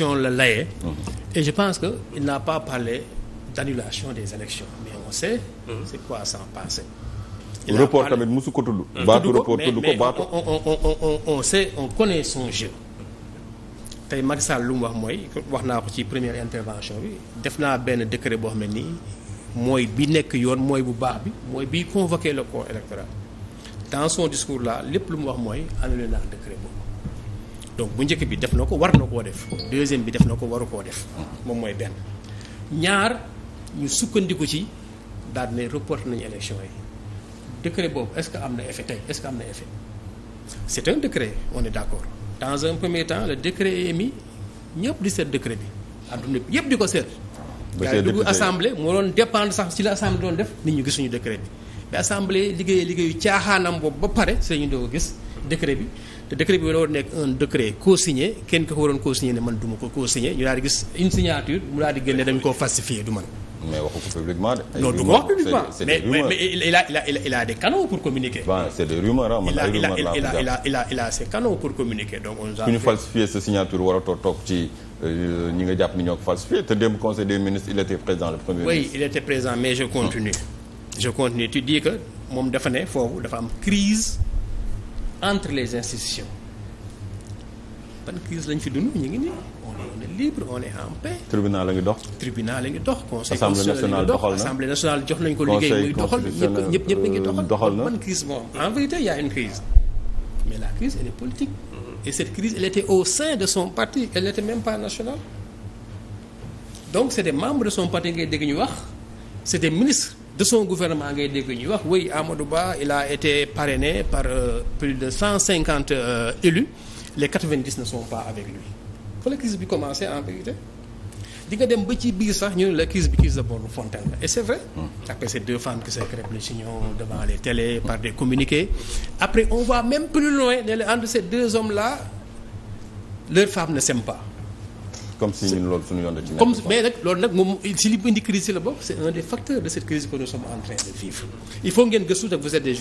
constitution la layee mhm. et je pense que il n'a pas parlé d'annulation des élections mais on sait mhm. c'est quoi s'en passer report tamit musu ko tudd baatu report ko baatu on sait son tey Macky Sall lu wax mooy naa ko ci première intervention bi def naa benn décret boo xam ne nii mooy bi nekk yoon mooy bu baax bi mooy bi convoqué le corps électoral dans son discours là lépp lu mu wax mooy annulé naa décret boobu donc bu njëkk bi def na ko war na koo def deuxième bi def na ko waru koo def moom mooy benn ñaar ñu sukkandiku ci daal ne reporté nañu élection yi décret boobu est-ce que am na effet tey est-ce que am na effet c'est un décret un premier temps le décret est émis di seet décret bi àdduna bi yëpp di ko seet gaa yi dugg moo doon dépendre sax ci la assemblée doon def nit ñu gisuñu décret bi mais assemblée liggéeyee liggéeyu caaxaanam boobu ba pare sëñu doo ko gis décret bi te décret bi war a nekk un décret co kenn ko waroon co-signé man du ko co-signé ñu daal gis une signature mu daal génne dañ koo falsifié du man. mais waxu ko publiquement de. du ko wax publiquement mais a il a il a on a ku ñu falsifié sa signature war a toog ci. Euh, ñi nga jàpp ministre. oui il était présent mais je continue. Ah. moom dafa ne foofu dafa am crise entre les institutions ban crise lañ fi dund ñu ngi nii on est libre on en paix. tribunal la ngi dox. tribunal la ngi dox. conseil constitutionnel la ngi dox assemblée jox nañ ko doxal. ñëpp ñëpp ngi doxal ban crise moom en vérité y' a une crise mais la crise elle est politique. Mm-hmm. et cette crise elle au sein de son parti elle n'était même pas nationale donc c' est des membres de son parti ngay dégg ñu wax c' est des de son gouvernement ngay dégg ñuy wax oui Amadou Ba il a été parrainé par euh, plus de cent cinquante euh, élus les quatre-vingt-dix ne sont pas avec lui fa la crise bi commencé en vérité di nga dem ba ci biir sax ñu ne la crise bi crise de Bloemfontein la et c'est vrai hmm. après ces deux femmes qui se crêpent les chignons devant les télés par des communiqués après on voit même plus loin ne la entre ces deux hommes là leurs femmes ne s'aiment comme si ñun loolu suñu yoon comme si li indi crise si la bokk c'est un des facteurs de cette crise que nous sommes en train de vivre il faut ngeen gëstu nag vous êtes des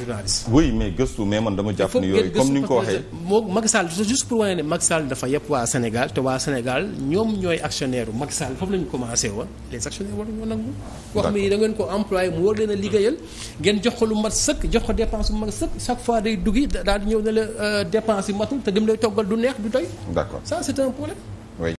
mais gëstu mais man dama jàpp ni yooyu comme ni nga ko waxee. juste pour wane ne Macky Sall dafa yëpp waa Sénégal te waa Sénégal ñoom ñooy actionnaire u Macky foofu la ñu commencé woon les actionnaires war ñoo nangu koo xam ne da ngeen ko employé mu war leen a liggéeyal ngeen jox fois day duggi daal di ñëw ne la euh, dépense yi